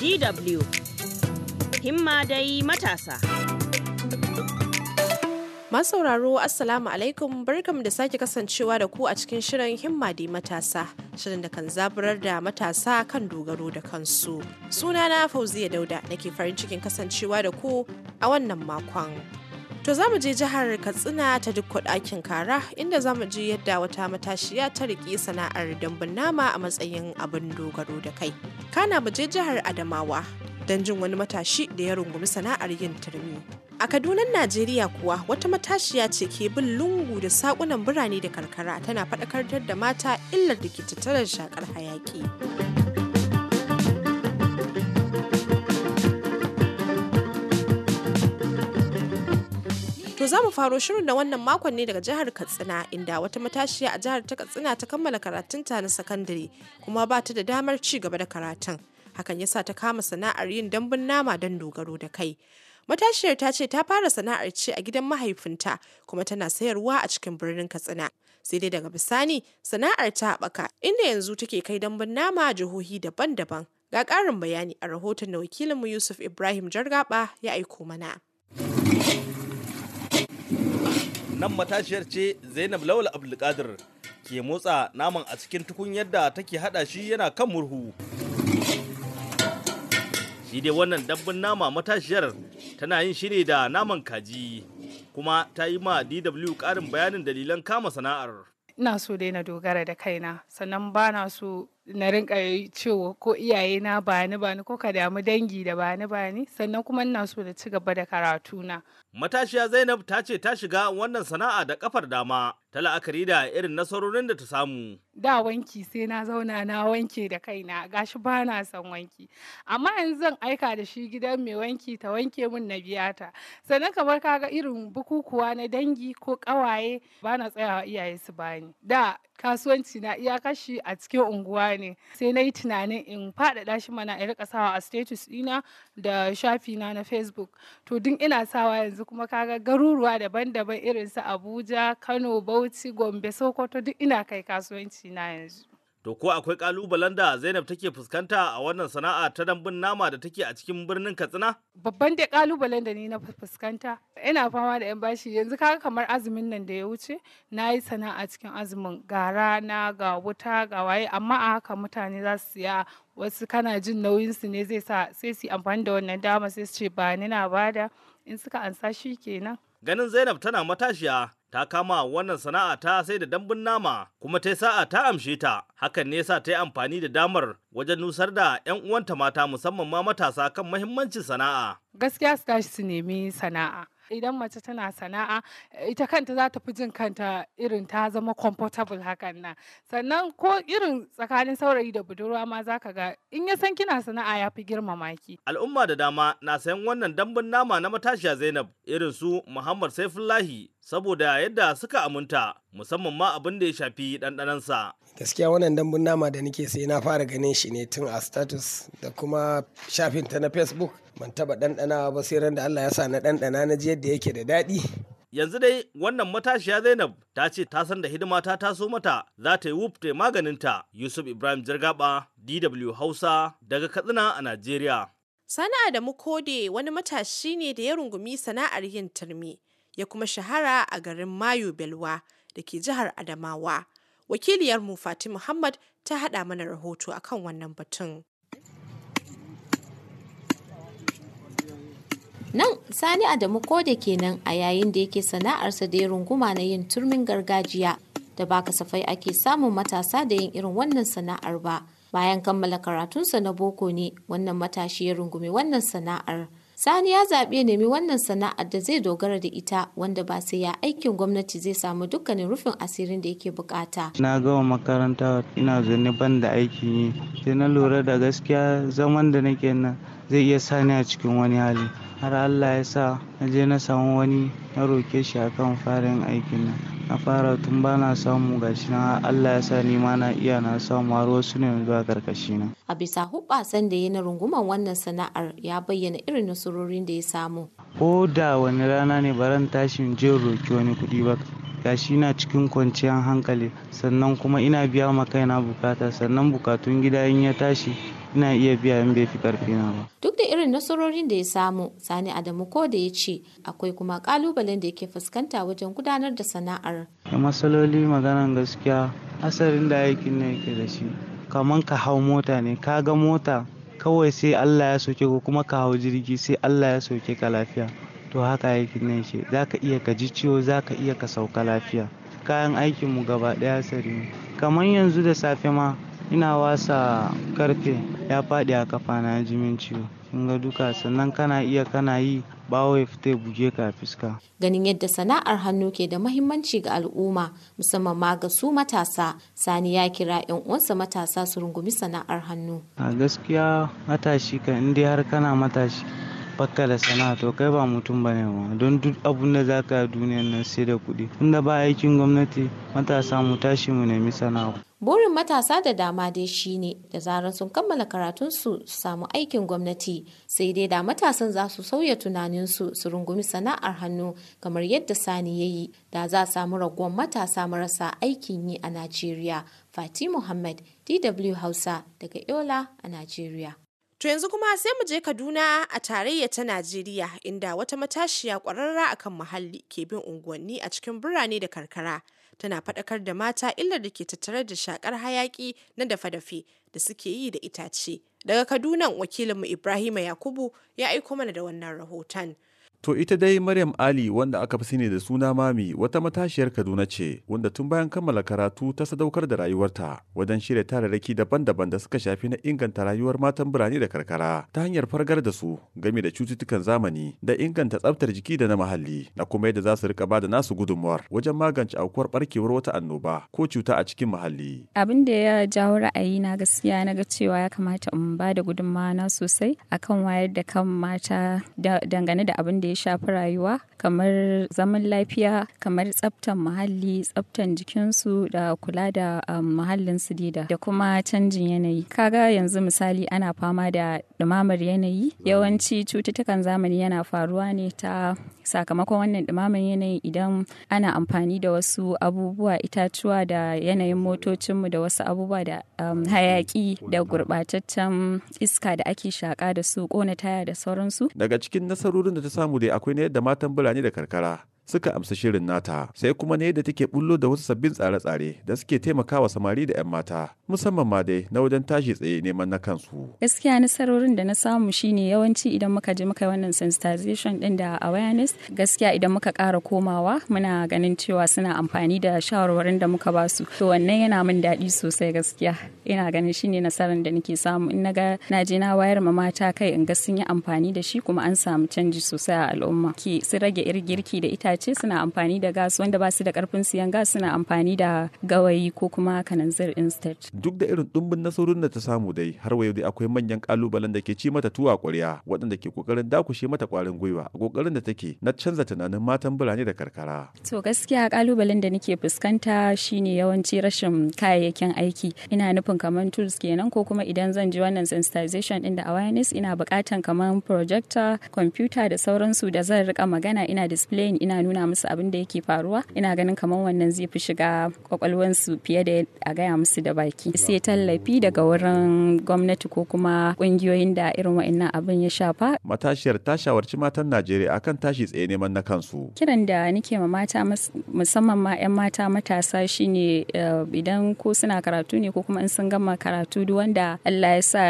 DW himma dai matasa. sauraro Assalamu alaikum barkam da sake kasancewa da ku a cikin shirin himma dai matasa. Shirin da kan zaburar da matasa kan dogaro da kansu. Sunana Fauziya Dauda nake farin cikin kasancewa da ku a wannan makon. To za mu je jihar Katsina ta duk kudakin kara inda za mu je yadda wata matashiya ta riƙe sana'ar dambun nama a matsayin abin dogaro da kai. Kana mu je jihar Adamawa don jin wani matashi da ya rungumi sana'ar yin turmi. A Kadunan Najeriya kuwa wata matashiya ce ke bin lungu da saƙunan birane da karkara tana faɗakar da mata illar da ke tattalin shakar hayaƙi. za mu faro shirin da wannan makon ne daga jihar Katsina inda wata matashiya a jihar ta Katsina ta kammala karatunta na sakandare kuma ba ta da damar ci gaba da karatun. Hakan yasa ta kama sana'ar yin dambun nama don dogaro da kai. Matashiyar ta ce ta fara sana'ar ce a gidan mahaifinta kuma tana sayarwa a cikin birnin Katsina. Sai dai daga bisani sana'ar ta haɓaka inda yanzu take kai dambun nama a jihohi daban-daban. Ga ƙarin bayani a rahoton da wakilinmu Yusuf Ibrahim Jargaba ya aiko mana. nan matashiyar ce zainab lawal abdulkadir ke motsa naman a cikin tukunyar da take hada shi yana kan murhu shi dai wannan dabbin nama matashiyar tana yin shi ne da naman kaji kuma ta yi ma dw karin bayanin dalilan kama sana'ar ina so dai na dogara da kaina sannan ba na so na rinka cewa ko iyaye na bani bani ko ka damu dangi da bani bani sannan kuma ina so da ci gaba da karatu na. Matashiya Zainab ta ce ta shiga wannan sana'a da kafar dama ta la'akari da irin nasarorin da ta samu. Da wanki sai na zauna na wanke da kaina gashi ba na son wanki amma yanzu zan aika da shi gidan mai wanki ta wanke min na biya ta sannan kamar kaga irin bukukuwa na dangi ko kawaye ba na tsayawa iyaye su bani da kasuwanci na iya kashi a cikin unguwa ne sai na yi tunanin in faɗaɗa shi mana in rika sawa a status ɗina da shafi na na facebook to duk ina sawa yanzu kuma kaga garuruwa daban-daban irin su abuja kano bauchi gombe sokoto duk ina kai kasuwanci na yanzu To ko akwai kalubalen da Zainab take fuskanta a wannan sana'a ta dambun nama da take a cikin birnin Katsina? Babban da kalubalen da ni na fuskanta ina fama da 'yan bashi yanzu kaga kamar azumin nan da ya wuce na yi sana'a cikin azumin gara na ga wuta ga waye amma a haka mutane za su siya wasu kana jin nauyin su ne zai sa sai su amfani da wannan dama sai su ce ba ni na bada in suka ansa shi kenan. Ganin Zainab tana matashiya ta kama wannan sana'a ta sai da dambun nama kuma ta sa'a ta amshe ta hakan ne sa ta yi amfani da damar wajen nusar da 'yan uwanta mata musamman ma matasa kan mahimmancin sana'a gaskiya su tashi su nemi sana'a idan mace tana sana'a ita kanta za ta fi jin kanta irin ta zama comfortable hakan nan sannan ko irin tsakanin saurayi da budurwa ma za ka ga in ya san kina sana'a ya fi girmama ki al'umma da dama na sayan wannan dambun nama na matashiya zainab irin su muhammad saifullahi saboda yadda suka aminta musamman ma abin da ya shafi ɗanɗanansa. Gaskiya wannan dambun nama da nake sai na fara ganin shi ne tun a status da kuma shafin ta na Facebook ban taba ɗanɗanawa ba sai ran da Allah ya sa na ɗanɗana na ji yadda yake da daɗi. Yanzu dai wannan matashiya Zainab ta ce ta san da hidima ta taso mata za ta yi wuf ta ta Yusuf Ibrahim Jirgaba DW Hausa daga Katsina a Najeriya. Sana'a da Mukode wani matashi ne da ya rungumi sana'ar yin turmi. ya kuma shahara a garin Mayo Belwa da ke jihar Adamawa. Wakiliyarmu Fatima Muhammad ta haɗa mana rahoto a kan wannan batun. Nan Sani Adamu ko ke kenan a yayin da yake sana'arsa da ya runguma na yin turmin gargajiya da ba kasafai ake samun matasa da yin irin wannan sana'ar ba. Bayan kammala karatunsa na boko ne wannan matashi ya rungumi wannan sana'ar. Sani ya zaɓi ya nemi wannan sana'ar da zai dogara da ita wanda ba sai ya aikin gwamnati zai samu dukkanin rufin asirin da yake bukata. Na gama makaranta ina zaune ban da aikin yi sai na lura da gaskiya zaman da nake nan zai iya sani a cikin wani hali har Allah ya sa na je na samu wani na roke shi akan farin aikin nan. na fara tun ba na samu gashi na Allah ya sa ni ma na iya na samu har wasu ne yanzu a karkashi na. A bisa hubbasan da ya na runguman wannan sana'ar ya bayyana irin nasarorin da ya samu. Ko da wani rana ne baran tashin jin roki wani kuɗi ba gashi na cikin kwanciyar hankali sannan kuma ina biya ma kaina bukata sannan bukatun gida in ya tashi ina iya biya in bai fi karfi ba duk da irin nasarorin da ya samu sani adamu ko da ya ce akwai kuma kalubalen da yake fuskanta wajen gudanar da sana'ar matsaloli maganan gaskiya asarin da aikin ne yake da shi kamar ka hau mota ne ka ga mota kawai sai allah ya soke ko kuma ka hau jirgi sai allah ya soke ka lafiya to haka aikin ne yake za ka iya ka ji ciwo za ka iya ka sauka lafiya kayan aikinmu gaba ɗaya sari kamar yanzu da safe ma ina wasa ƙarfe ya faɗi a kafa na ji min ciwo kin ga duka sannan kana iya kana yi bawo ya fita buge ka fuska ganin yadda sana'ar hannu ke da mahimmanci ga al'umma musamman ma ga su matasa sani ya kira yan uwansa matasa su rungumi sana'ar hannu a gaskiya matashi ka in har kana matashi fakka da sana'a to kai ba mutum ba ne ma don duk abun da zaka yi duniyar nan sai da kuɗi tunda ba aikin gwamnati matasa mu tashi mu nemi sana'a Burin matasa da dama dai shine da zarar sun kammala karatunsu su samu aikin gwamnati sai dai da matasan za su sauya tunaninsu su rungumi sana'ar hannu kamar yadda Sani ya yi da za samu raguwar matasa marasa aikin yi a Najeriya. Fati Muhammad, DW Hausa daga Yola a Najeriya. To yanzu kuma sai mu je Kaduna a tarayya ta Najeriya inda wata matashiya kwararra akan muhalli ke bin unguwanni a cikin birane da karkara. tana faɗakar da mata illar da ke tattare da shakar hayaƙi na dafe-dafe da suke yi da itace. Daga Kaduna wakilinmu Ibrahima Yakubu ya aiko mana da wannan rahoton. To ita dai Maryam Ali wanda aka fi sani da suna Mami wata matashiyar Kaduna ce wanda tun bayan kammala karatu ta sadaukar da rayuwarta wajen shirya tararraki daban-daban da suka shafi na inganta rayuwar matan birane da karkara ta hanyar fargar da su game da cututtukan zamani da inganta tsaftar jiki da na muhalli na kuma yadda za su rika da nasu gudunmuwar wajen magance aukuwar barkewar wata annoba ko cuta a cikin muhalli. Abin da ya jawo ra'ayi na gaskiya na ga cewa ya kamata in ba da gudunmawa na sosai akan wayar da kan mata dangane da abin da ya shafi rayuwa kamar zaman lafiya kamar tsaftan muhalli tsaftan jikinsu da kula da um, muhallinsu da da kuma canjin yanayi kaga yanzu misali ana fama da ɗumamar yanayi yawanci cututtukan zamani yana faruwa ne ta sakamakon wannan ɗumamar yanayi idan ana amfani da wasu abubuwa itatuwa da yanayin motocinmu da wasu abubuwa da um, hayaki da gurbataccen iska da ake shaƙa da su kona taya da sauransu daga cikin nasarorin da ta samu da akwai na yadda matan birane da karkara suka amsa shirin nata sai kuma ne da take bullo da wasu sabbin tsare-tsare da suke taimakawa samari da 'yan mata musamman ma dai na wajen tashi tsaye neman na kansu gaskiya nasarorin da na samu shine yawanci idan muka je muka wannan sensitization din da awareness gaskiya idan muka ƙara komawa muna ganin cewa suna amfani da shawarwarin da muka ba su to wannan yana min daɗi sosai gaskiya ina ganin shine nasarar da nake samu in naga na je na wayar ma mata kai in ga sun yi amfani da shi kuma an samu canji sosai a al'umma ki sun rage irgirki girki da itace ce suna amfani da gas wanda ba su da karfin siyan gas suna amfani da gawayi ko kuma kananzir instead duk da irin dumbin nasarorin da ta samu dai har wayo dai akwai manyan kalubalen da ke ci mata tuwa kwarya waɗanda ke kokarin dakushe mata kwarin gwiwa a kokarin da take na canza tunanin matan birane da karkara to gaskiya kalubalen da nake fuskanta shine yawanci rashin kayayyakin aiki ina nufin kamar tools kenan ko kuma idan zan ji wannan sensitization din da awareness ina bukatan kamar projector computer da sauransu da zan rika magana ina display ina nuna nuna musu abin da yake faruwa ina ganin kamar wannan zai fi shiga kwakwalwansu fiye da a gaya musu da baki sai tallafi daga wurin gwamnati ko kuma kungiyoyin da irin wa'annan abin ya shafa matashiyar ta shawarci matan najeriya akan tashi tsaye neman na kansu kiran da nake ma mata musamman ma 'yan mata matasa shine eh, idan ko suna karatu ne ko kuma in sun gama karatu duk wanda allah ya sa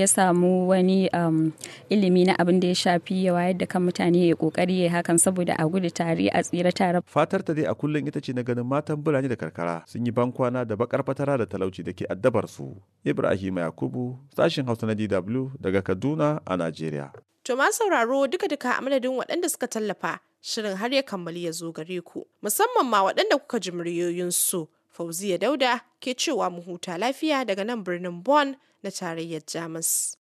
ya samu wani um, ilimi na abin da ya shafi ya wayar da kan mutane ya kokari ya hakan saboda a gudu tare fatarta a tsira tare. Fatar ta dai a kullum ita ce na ganin matan birane da karkara sun yi bankwana da bakar fatara da talauci da ke addabar su. Ibrahim Yakubu, sashin Hausa na DW daga Kaduna a Najeriya. To ma sauraro duka-duka a madadin waɗanda suka tallafa shirin har ya kammali ya zo gare ku musamman ma waɗanda kuka ji su fauziya dauda ke cewa mu huta lafiya daga nan birnin bonn na tarayyar jamus